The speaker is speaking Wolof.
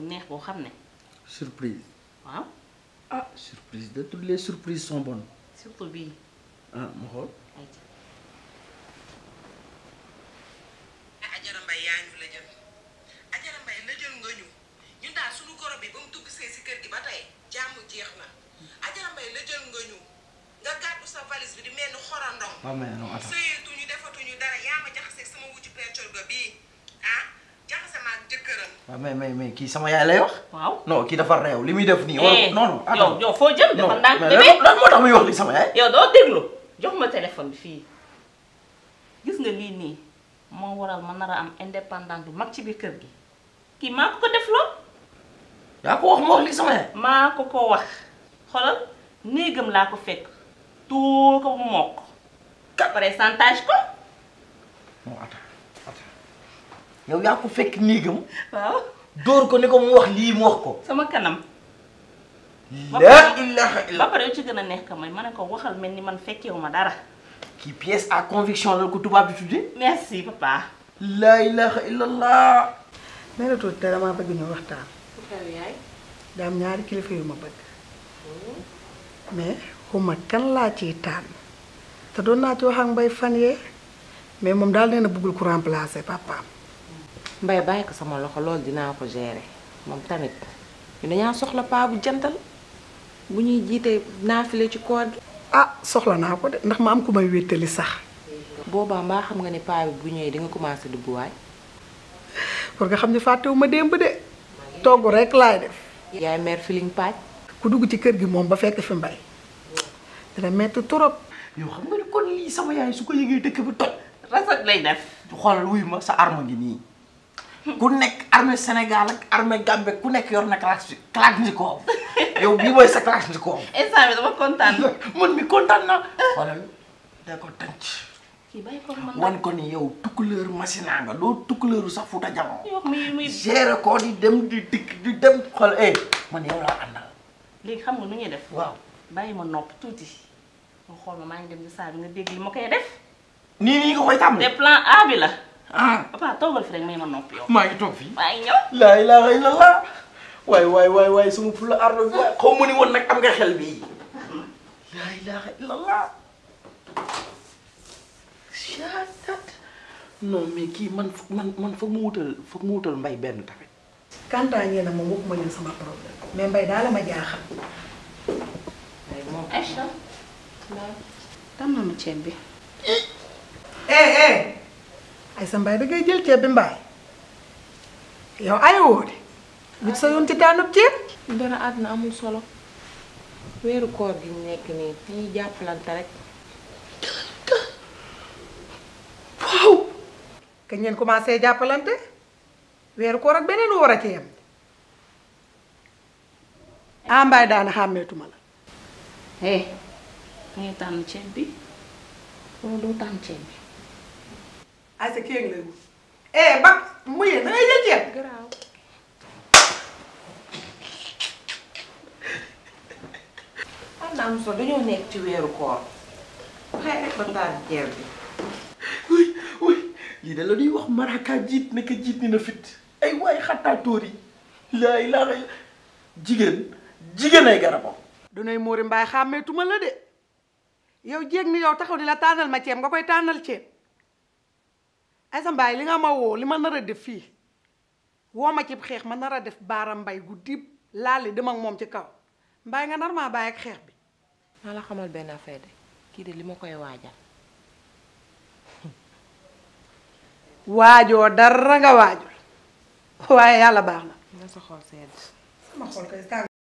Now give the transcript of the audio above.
neex boo xam ne. surprise. waaw. ah surprise de toutes les surprises sont bonnes. surtout bii. ah, ah yaa ñu la jël Ajara la jël nga ñu ñun daal suñu goro bi ba mu see si kër gi ba tey jàmm jeex na Ajara la jël nga ñu nga gàddu sa valise bi di mel ni xorandong. waaw may mais mais kii sama yaay lay wax. waaw non kii dafa réew li muy def nii. wala non yow foo jëm dafa ndànk demee lan moo tax muy wax li sama yaay. yow doo déglu jox ma téléphone bi fii gis nga lii nii moo waral ma nar a am indépendant bu mag ci biir kër gi kii maa ko ko def loo. yaa ko wax moo wax li sama yaay. maa ko ko wax xoolal néegam laa ko fekk tuur a bu ka pare santage ko. moo tax. yow yaa ko fekk néegam. waaw dóor ko ni ko mu wax lii mu wax ko. sama kanam. laa ilaha illa ci gën a neex ka may ma ne ko waxal mel ni man fekkewu ma dara. kii pièce à conviction la ko tubaab di tuddee. merci papa. laa ilaha illallah. nee na tuuti damaa bëgg ñu waxtaan. daam ñaari kilifa yu ma bëgg. Hmm? mais xuma kan laa ci tànn te doon naa ci wax ak mbay fan yee mais moom daal nee na bëggul ko remplacer papaam. mbay bàyyi ko sama loxo loolu dinaa ko gérer moom tamit ñu dañaa soxla paa jantal bu ñuy jiitee naafile ci koor gi ah soxla naa ko de ndax ma am ku may wéttali sax boobaa mbaa xam nga ne paa bu ñëwee di nga commencé dugguwaay pour nga xam ni fàttewu ma démb de togg rek laay def yaay mère filing paaj ku dugg ci kër gi moom ba fekk fi mbay dina metti trop yow xam nga ne kon lii sama yaay su ko yëgee dëkk bi toj rasat lay def xoolal wuy ma sa arma ngi nii ku nekk armée Sénégal ak armée Gambie ku nekk yor na clash Kalashnikov yow bii mooy sa Kalashnikov. instant bi dama kontaan. man mi kontaan na. xoolal da ko tënc. kii bàyyi ko man wan ko ni yow tukkuleeru masina sax Fuuta Jaloo. yow muy muy gérer ko di dem di dikk di dem xool eh man yow laa àndal. léegi xam nga nu ñuy def. waaw bàyyi ma nopp tuuti nga xool ma maa ngi dem di nga dégg li ma koy def. nii nii nga koy tàmm. A la. ah papa toogal fi rek may ma noppi yow. maa ngi toog fii. maa ngi ñëw. laa ilaaha illallah. waay waay waay waay sama fula ardo bi waay ma ni woon nag am nga xel bii. laa ilaaha illallah. non mais kii man man man foog mu mbay benn tamit. sama problème mais mbay daal la ma jaaxal. aywa aywa. tàmm na bi. eh, eh. ay sa mbay da ngay jël ceeb bi mbaay yow ayoo de. nit sa yoon ci daanub ceeb. dara àdduna amul solo weeru koor gi ñu nekk nii dañuy jàppalante rek. waaw. kañ ngeen commencé jàppalante weeru koor ak beneen war a ci yem. ah mbaay daana xàmmeetuma la. eh da tànn ceeb bi wala doo tànn ceeb bi. ay sa kéeg lay wut eh, ba mu yee jël ceeb. garaaw. am na am solo dañoo nekk ci weeru koor waaye rek ba taal jeer bi. wuy wuy lii da la ñuy wax maraka jiit nekk jiit ni na fit ay waay xattaatoor yi laa ilaaha illa jigéen jigéen ay garabam. du nay Mori Mbaye xàmmeetuma la de yow jéeg ni yow taxaw di la tànnal ma ceeb nga koy tànnal ceeb. Aïssa bay li nga ma wo li ma nara def fi wo ma ci xex ma nara def baram bay gu dib laali dem ak mom ci kaw mbay nga nar maa bàyyi ak xex bi. ma la xamal ben affaire de ki de li ma koy waajal. waajoo dara nga waajul waye yàlla baxna na. nga sa xol sedd. sama xol kay